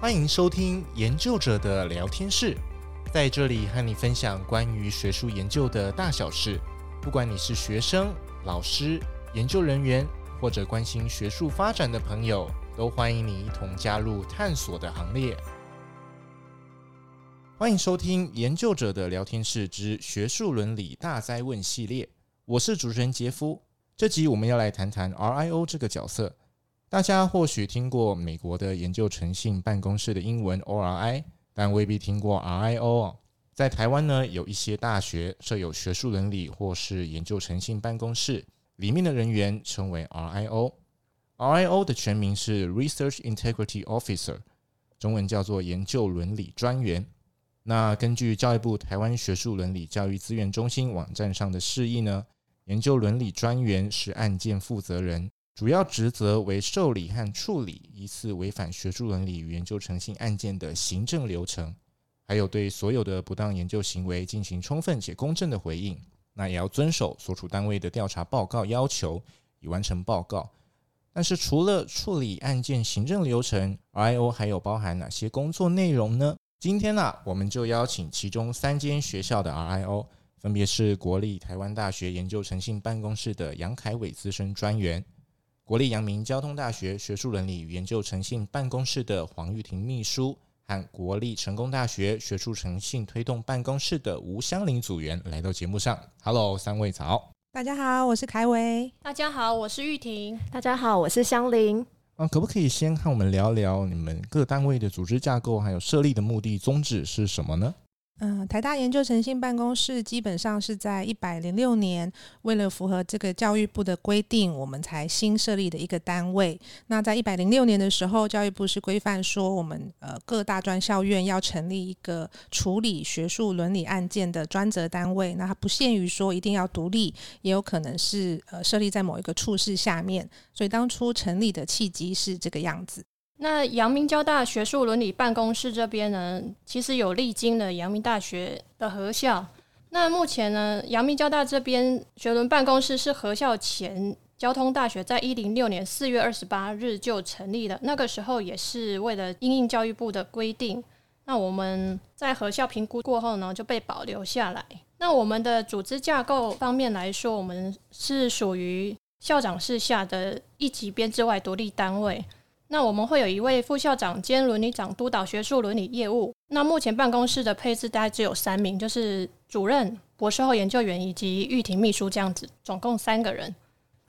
歡迎收聽研究者的聊天室，在這裡和你分享關於學術研究的大小事。不管你是學生、老師、研究人員，或者關心學術發展的朋友，都歡迎你一同加入探索的行列。歡迎收聽研究者的聊天室之學術倫理大哉問系列，我是主持人杰夫。這集我們要來談談 RIO 這個角色。大家或許聽過美國的研究誠信辦公室的英文 ORI，但未必聽過 RIO 哦。在台灣呢，有一些大學設有學術倫理或是研究誠信辦公室，裡面的人員稱為 RIO。RIO 的全名是 Research Integrity Officer，中文叫做研究倫理專員。那根據教育部台灣學術倫理教育資源中心網站上的釋義呢，研究倫理專員是案件負責人。主要職責為受理和處理疑似違反學術倫理與研究誠信案件的行政流程，還有對所有的不當研究行為進行充分且公正的回應。那也要遵守所處單位的調查報告要求，以完成報告。但是除了處理案件行政流程，RIO 還有包含哪些工作內容呢？今天呢、啊，我們就邀請其中三間學校的 RIO，分別是國立台灣大學研究誠信辦公室的楊鎧瑋資深專員。國立陽明交通大學學術倫理與研究誠信辦公室的黃郁婷秘書和國立成功大學學術誠信推動辦公室的吳湘淩組員來到節目上。Hello，三位早。大家好，我是鎧瑋。大家好，我是郁婷。大家好，我是湘淩。啊、嗯，可不可以先和我們聊聊你們各單位的組織架構，還有設立的目的、宗旨是什麼呢？嗯、呃，台大研究誠信辦公室基本上是在一百零六年，為了符合這個教育部的規定，我們才新設立的一個單位。那在一百零六年的時候，教育部是規範說，我們呃各大專校院要成立一個處理學術倫理案件的專責單位。那它不限於說一定要獨立，也有可能是呃設立在某一個處室下面。所以當初成立的契機是這個樣子。那陽明交大學術倫理辦公室這邊呢，其實有歷經了陽明大學的合校。那目前呢，陽明交大這邊學倫辦公室是合校前交通大學在一零六年四月二十八日就成立的。那個時候也是為了因應教育部的規定。那我們在合校評估過後呢，就被保留下來。那我們的組織架構方面來說，我們是屬於校長室下的一級編制外獨立單位。那我們會有一位副校長兼倫理長督導學術倫理業務。那目前辦公室的配置大概只有三名，就是主任、博士後研究員以及郁婷秘書這樣子，總共三個人。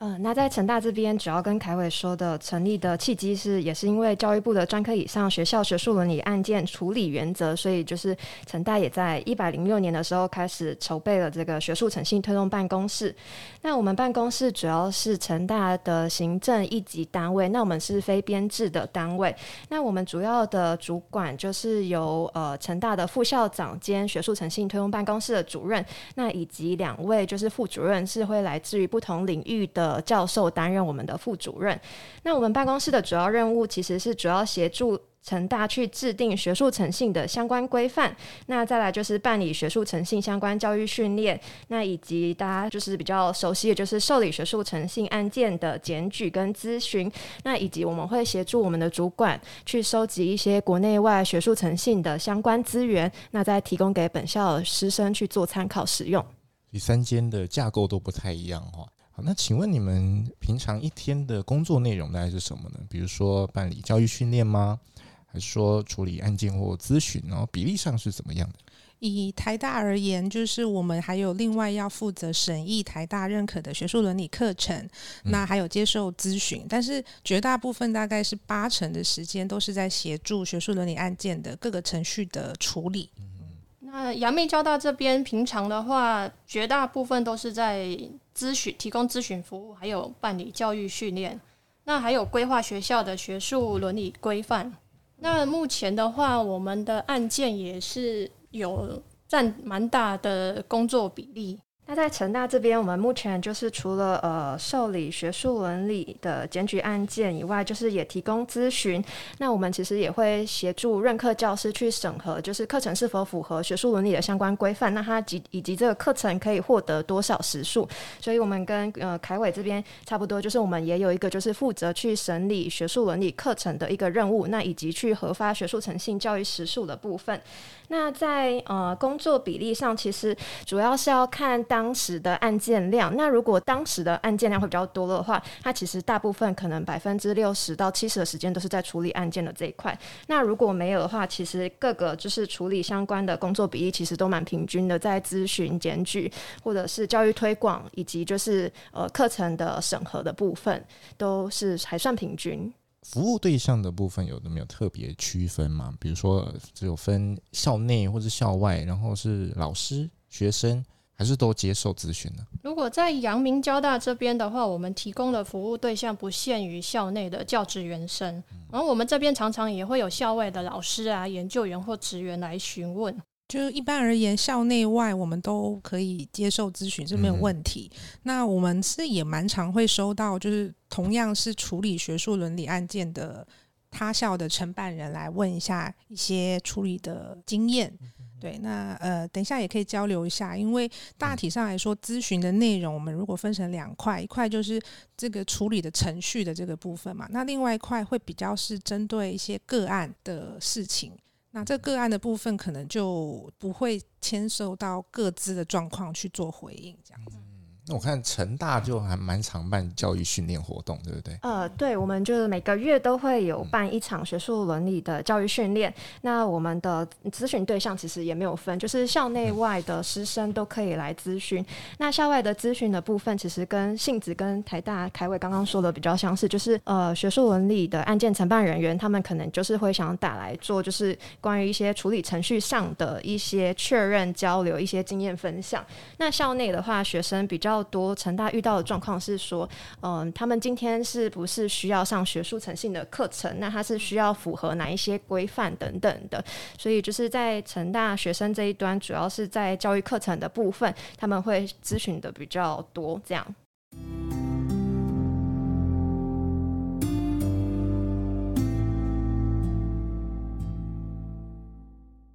呃，那在成大這邊，主要跟鎧瑋說的成立的契機是，也是因為教育部的專科以上學校學術倫理案件處理原則，所以就是成大也在一百零六年的時候開始籌備了這個學術誠信推動辦公室。那我們辦公室主要是成大的行政一級單位，那我們是非編制的單位。那我們主要的主管就是由呃成大的副校長兼學術誠信推動辦公室的主任，那以及兩位就是副主任是會來自於不同領域的。呃，教授擔任我們的副主任。那我們辦公室的主要任務其實是主要協助成大去制定學術誠信的相關規範。那再來就是辦理學術誠信相關教育訓練，那以及大家就是比較熟悉的就是受理學術誠信案件的檢舉跟諮詢。那以及我們會協助我們的主管去收集一些國內外學術誠信的相關資源，那再提供給本校的師生去做參考使用。第三間的架構都不太一樣哈。好，那請問你們平常一天的工作內容大概是什麼呢？比如說辦理教育訓練嗎？還是說處理案件或諮詢？然後，比例上是怎麼樣的？以台大而言，就是我們還有另外要負責審議台大認可的學術倫理課程，嗯、那還有接受諮詢，但是絕大部分大概是八成的時間都是在協助學術倫理案件的各個程序的處理。嗯那陽明交大這邊平常的話，絕大部分都是在諮詢、提供諮詢服務，還有辦理教育訓練。那還有規劃學校的學術倫理規範。那目前的話，我們的案件也是有佔蠻大的工作比例。那在成大這邊，我們目前就是除了呃受理學術倫理的檢舉案件以外，就是也提供諮詢。那我們其實也會協助任課教師去審核，就是課程是否符合學術倫理的相關規範。那它及以及這個課程可以獲得多少時數？所以我們跟呃鎧瑋這邊差不多，就是我們也有一個就是負責去審理學術倫理課程的一個任務，那以及去核發學術誠信教育時數的部分。那在呃工作比例上，其實主要是要看當。當時的案件量，那如果當時的案件量會比較多的話，它其實大部分可能百分之六十到七十的時間都是在處理案件的這一塊。那如果沒有的話，其實各個就是處理相關的工作比例其實都蠻平均的，在諮詢、檢舉或者是教育推廣以及就是呃課程的審核的部分，都是還算平均。服務對象的部分有都沒有特別區分嗎？比如說只有分校內或是校外，然後是老師、學生。還是都接受諮詢呢、啊？如果在陽明交大這邊的話，我們提供的服務對象不限於校內的教職員生，嗯、然後我們這邊常常也會有校外的老師啊、研究員或職員來詢問。就一般而言，校內外我們都可以接受諮詢，是沒有問題。嗯、那我們是也蠻常會收到，就是同樣是處理學術倫理案件的他校的承辦人來問一下一些處理的經驗。嗯對，那呃，等一下也可以交流一下，因為大體上來說，嗯、諮詢的內容我們如果分成兩塊，一塊就是這個處理的程序的這個部分嘛，那另外一塊會比較是針對一些個案的事情，那這個，個案的部分可能就不會牽涉到各自的狀況去做回應這樣子。嗯我看成大就還蠻常辦教育訓練活動，對不對？呃，對，我們就是每個月都會有辦一場學術倫理的教育訓練。嗯、那我們的諮詢對象其實也沒有分，就是校內外的師生都可以來諮詢。嗯、那校外的諮詢的部分，其實跟杏子跟台大鎧瑋剛剛說的比較相似，就是呃，學術倫理的案件承辦人員，他們可能就是會想打來做，就是關於一些處理程序上的一些確認、交流、一些經驗分享。那校內的話，學生比較多成大遇到的狀況是說，嗯，他們今天是不是需要上學術誠信的課程？那他是需要符合哪一些規範等等的。所以就是在成大學生這一端，主要是在教育課程的部分，他們會諮詢的比較多，這樣。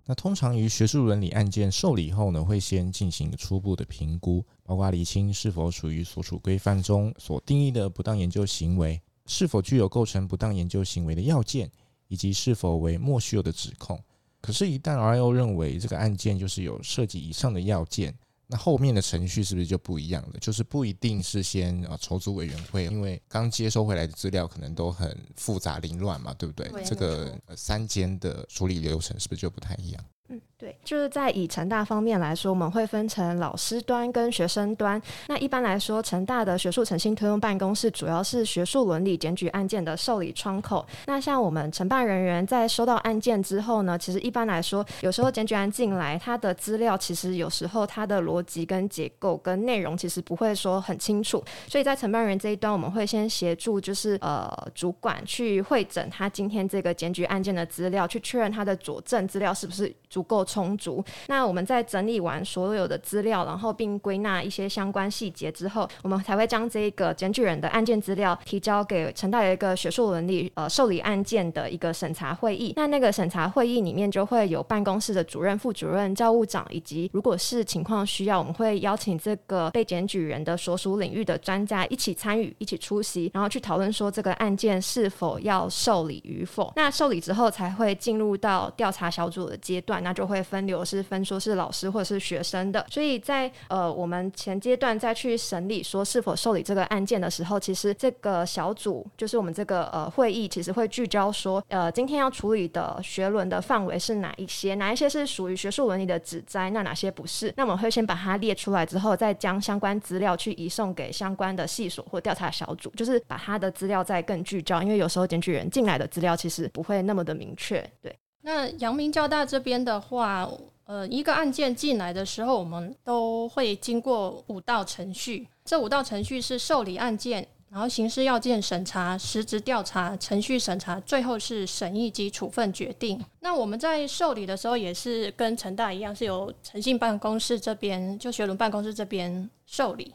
那通常於學術倫理案件受理後呢，會先進行初步的評估，包括釐清是否屬於所處規範中所定義的不當研究行為，是否具有構成不當研究行為的要件，以及是否為莫須有的指控。可是，一旦 RIO 認為這個案件就是有涉及以上的要件。那後面的程序是不是就不一樣了？就是不一定是先啊，哦、籌組委員會，因為剛接收回來的資料可能都很複雜凌亂嘛，對不對？這個、呃、三間的處理流程是不是就不太一樣？嗯，對。就是在以成大方面來說，我們會分成老師端跟學生端。那一般來說，成大的學術誠信推動辦公室主要是學術倫理檢舉案件的受理窗口。那像我們承辦人員在收到案件之後呢，其實一般來說，有時候檢舉案進來，他的資料其實有時候他的邏輯跟結構跟內容其實不會說很清楚，所以在承辦人這一端，我們會先協助就是呃主管去會診他今天這個檢舉案件的資料，去確認他的佐證資料是不是足夠充足。那我們在整理完所有的資料，然後並歸納一些相關細節之後，我們才會將這個檢舉人的案件資料提交給成大一個學術倫理呃受理案件的一個審查會議。那那個審查會議裡面就會有辦公室的主任、副主任、教務長，以及如果是情況需要，我們會邀請這個被檢舉人的所屬領域的專家一起參與、一起出席，然後去討論說這個案件是否要受理與否。那受理之後，才會進入到調查小組的階段，那就會分。流失分說是老師或者是學生的，所以在呃我們前階段再去審理說是否受理這個案件的時候，其實這個小組就是我們這個呃會議，其實會聚焦說呃今天要處理的學倫的範圍是哪一些，哪一些是屬於學術倫理的指摘，那哪些不是？那我們會先把它列出來之後，再將相關資料去移送給相關的系所或調查小組，就是把它的資料再更聚焦，因為有時候檢舉人進來的資料其實不會那麼的明確，對。那陽明交大這邊的話，呃，一個案件進來的時候，我們都會經過五道程序。這五道程序是受理案件，然後形式要件審查、實質調查、程序審查，最後是審議及處分決定。那我們在受理的時候，也是跟成大一樣，是由誠信辦公室這邊就學倫辦公室這邊受理。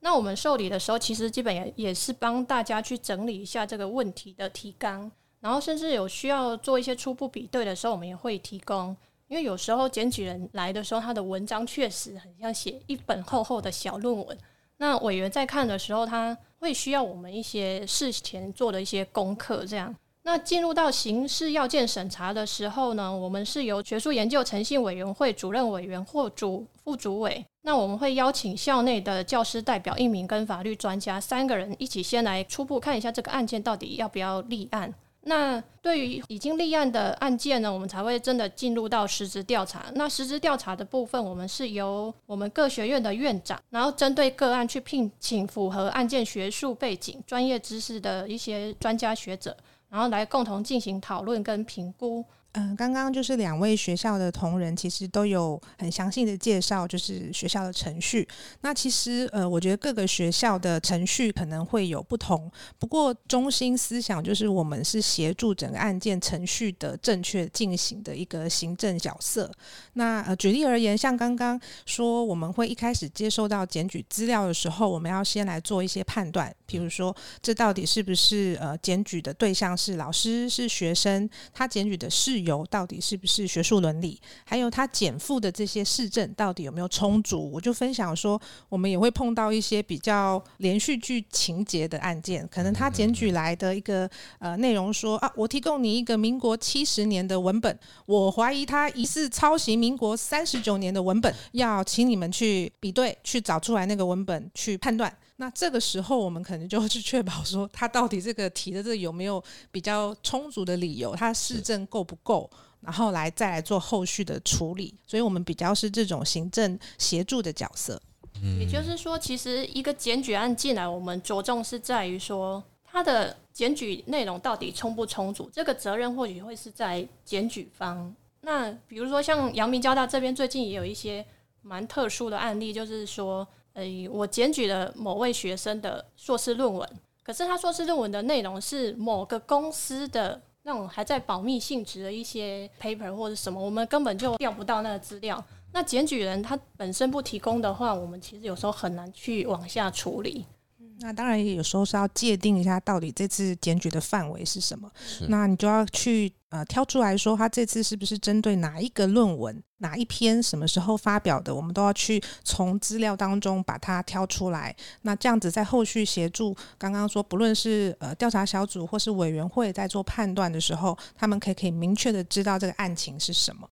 那我們受理的時候，其實基本也也是幫大家去整理一下這個問題的提綱。然後，甚至有需要做一些初步比對的時候，我們也會提供，因為有時候檢舉人來的時候，他的文章確實很像寫一本厚厚的小論文。那委員在看的時候，他會需要我們一些事前做的一些功課。這樣，那進入到形式要件審查的時候呢，我們是由學術研究誠信委員會主任委員或主副主委，那我們會邀請校內的教師代表一名，跟法律專家三個人一起先來初步看一下這個案件到底要不要立案。那對於已經立案的案件呢，我們才會真的進入到實質調查。那實質調查的部分，我們是由我們各學院的院長，然後針對個案去聘請符合案件學術背景、專業知識的一些專家學者，然後來共同進行討論跟評估。嗯、呃，剛剛就是兩位學校的同仁，其實都有很詳細的介紹，就是學校的程序。那其實呃，我覺得各個學校的程序可能會有不同，不過中心思想就是我們是協助整個案件程序的正確進行的一個行政角色。那呃，舉例而言，像剛剛說，我們會一開始接收到檢舉資料的時候，我們要先來做一些判斷，譬如說這到底是不是呃檢舉的對象是老師是學生，他檢舉的是。有到底是不是學術倫理？還有他檢舉的這些事證到底有沒有充足？我就分享說，我們也會碰到一些比較連續劇情節的案件，可能他檢舉來的一個呃內容說啊，我提供你一個民國七十年的文本，我懷疑他疑似抄襲民國三十九年的文本，要請你們去比對，去找出來那個文本去判斷。那這個時候，我們可能就會去確保說，他到底這個提的這個有沒有比較充足的理由，他事證夠不夠，然後來再來做後續的處理。所以，我們比較是這種行政協助的角色。嗯，也就是說，其實一個檢舉案進來，我們着重是在於說，他的檢舉內容到底充不充足，這個責任或許會是在檢舉方。那比如說，像陽明交大這邊最近也有一些蠻特殊的案例，就是說。我檢舉了某位學生的碩士論文，可是他碩士論文的內容是某個公司的那種還在保密性質的一些 paper 或者什麼，我們根本就調不到那個資料。那檢舉人他本身不提供的話，我們其實有時候很難去往下處理。嗯、那當然也有時候是要界定一下到底這次檢舉的範圍是什麼，是那你就要去呃挑出來說，他這次是不是針對哪一個論文？哪一篇什麼時候發表的，我們都要去從資料當中把它挑出來。那這樣子在後續協助，剛剛說不論是呃調查小組或是委員會在做判斷的時候，他們可以可以明確的知道這個案情是什麼。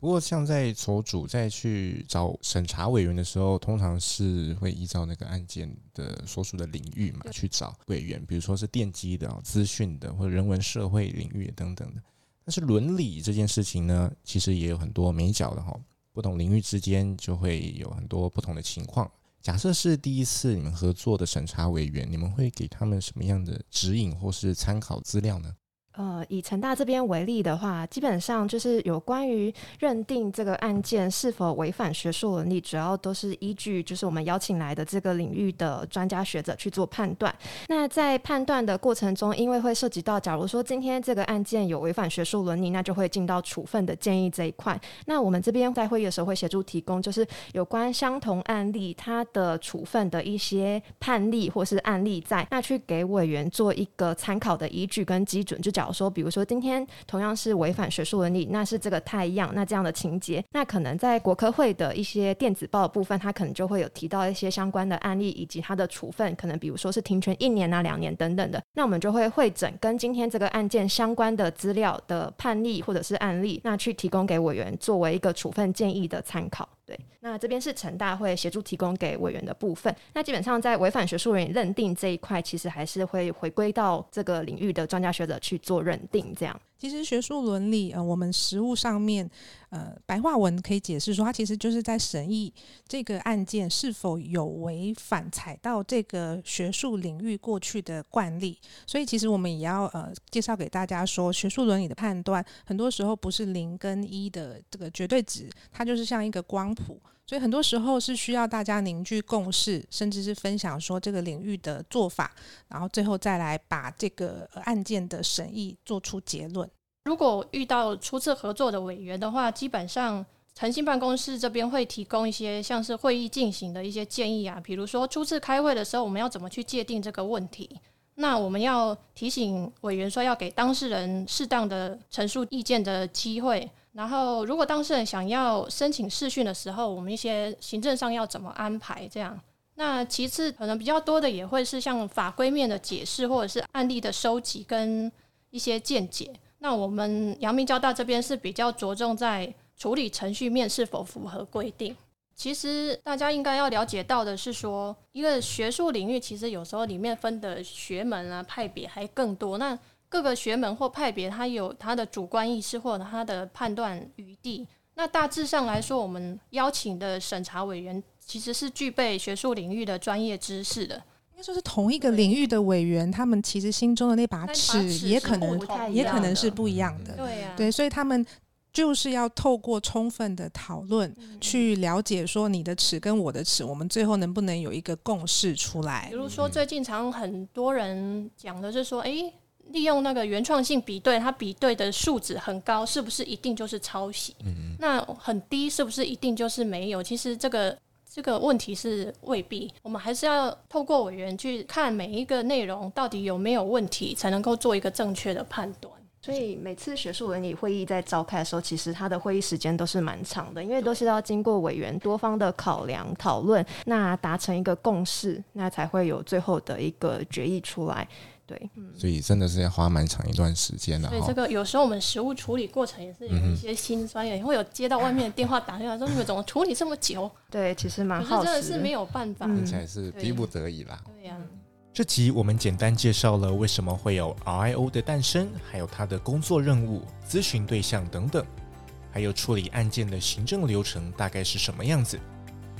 不過，像在籌組再去找審查委員的時候，通常是會依照那個案件的所屬的領域嘛去找委員，比如說是電機的、資訊的，或者人文社會領域等等的。但是倫理這件事情呢，其實也有很多眉角的哈，不同領域之間就會有很多不同的情況。假設是第一次你們合作的審查委員，你們會給他們什麼樣的指引或是參考資料呢？呃，以成大這邊為例的話，基本上就是有關於認定這個案件是否違反學術倫理，主要都是依據就是我們邀請來的這個領域的專家學者去做判斷。那在判斷的過程中，因為會涉及到，假如說今天這個案件有違反學術倫理，那就會進到處分的建議這一塊。那我們這邊在會議的時候會協助提供，就是有關相同案例它的處分的一些判例或是案例在那去給委員做一個參考的依據跟基準，就假如。說，比如說今天同樣是違反學術倫理，那是這個太一樣，那這樣的情節，那可能在國科會的一些電子報的部分，他可能就會有提到一些相關的案例以及它的處分，可能比如說是停權一年啊、兩年等等的。那我們就會彙整跟今天這個案件相關的資料的判例或者是案例，那去提供給委員作為一個處分建議的參考。對，那這邊是成大會協助提供給委員的部分。那基本上在違反學術倫理認定這一塊，其實還是會回歸到這個領域的專家學者去做認定，這樣。其實學術倫理，呃，我們實務上面，呃，白話文可以解釋說，它其實就是在審議這個案件是否有違反踩到這個學術領域過去的慣例。所以，其實我們也要呃介紹給大家說，學術倫理的判斷，很多時候不是零跟一的這個絕對值，它就是像一個光譜。所以很多時候是需要大家凝聚共識，甚至是分享說這個領域的做法，然後最後再來把這個案件的審議做出結論。如果遇到初次合作的委員的話，基本上誠信辦公室這邊會提供一些像是會議進行的一些建議啊，比如說初次開會的時候，我們要怎麼去界定這個問題。那我們要提醒委員說，要給當事人適當的陳述意見的機會。然後，如果當事人想要申請視訊的時候，我們一些行政上要怎麼安排？這樣。那其次，可能比較多的也會是像法規面的解釋，或者是案例的收集跟一些見解。那我們陽明交大這邊是比較着重在處理程序面是否符合規定。其實大家應該要了解到的是說，說一個學術領域，其實有時候裡面分的學門啊、派別還更多。那各個學門或派別，它有它的主觀意識或者它的判斷餘地。那大致上來說，我們邀請的審查委員其實是具備學術領域的專業知識的。應該說是同一個領域的委員，對他們其實心中的那把尺也可能也可能是不一樣的。嗯、對呀、啊，對，所以他們。就是要透過充分的討論，嗯嗯，去了解說你的尺跟我的尺，我們最後能不能有一個共識出來？比如說最近常很多人講的是說，誒、欸，利用那個原創性比對，它比對的數值很高，是不是一定就是抄襲？嗯嗯，那很低，是不是一定就是沒有？其實這個這個問題是未必，我們還是要透過委員去看每一個內容到底有沒有問題，才能夠做一個正確的判斷。所以每次學術倫理會議在召開的時候，其實它的會議時間都是蠻長的，因為都是要經過委員多方的考量討論，那達成一個共識，那才會有最後的一個決議出來。對，所以真的是要花蠻長一段時間的。所以這個有時候我們事務處理過程也是有一些辛酸，也、嗯嗯、會有接到外面的電話打電話說，你們怎麼處理這麼久？對，其實蠻耗時的，真的是沒有辦法，而且、嗯、是逼不得已啦。對呀。對啊。這集我們簡單介紹了為什麼會有 RIO 的誕生，還有它的工作任務、諮詢對象等等，還有處理案件的行政流程大概是什麼樣子。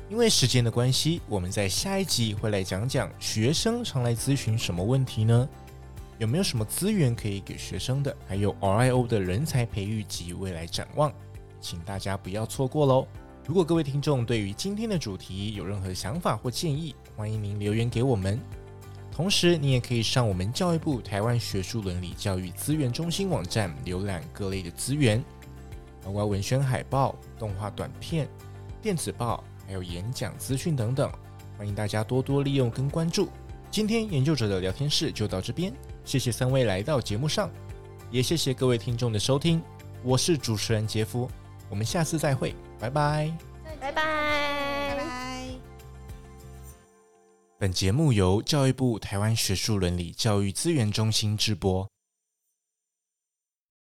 因為時間的關係，我們在下一集會來講講學生常來諮詢什麼問題呢？有沒有什麼資源可以給學生的？還有 RIO 的人才培育及未來展望，請大家不要錯過嘍。如果各位聽眾對於今天的主題有任何想法或建議，歡迎您留言給我們。同時，你也可以上我們教育部台灣學術倫理教育資源中心網站瀏覽各類的資源，包括文宣海報、動畫短片、電子報，還有演講資訊等等。歡迎大家多多利用跟關注。今天研究者的聊天室就到這邊，謝謝三位來到節目上，也謝謝各位聽眾的收聽。我是主持人傑夫，我們下次再會，拜拜，拜拜。本節目由教育部台灣學術倫理教育資源中心製播。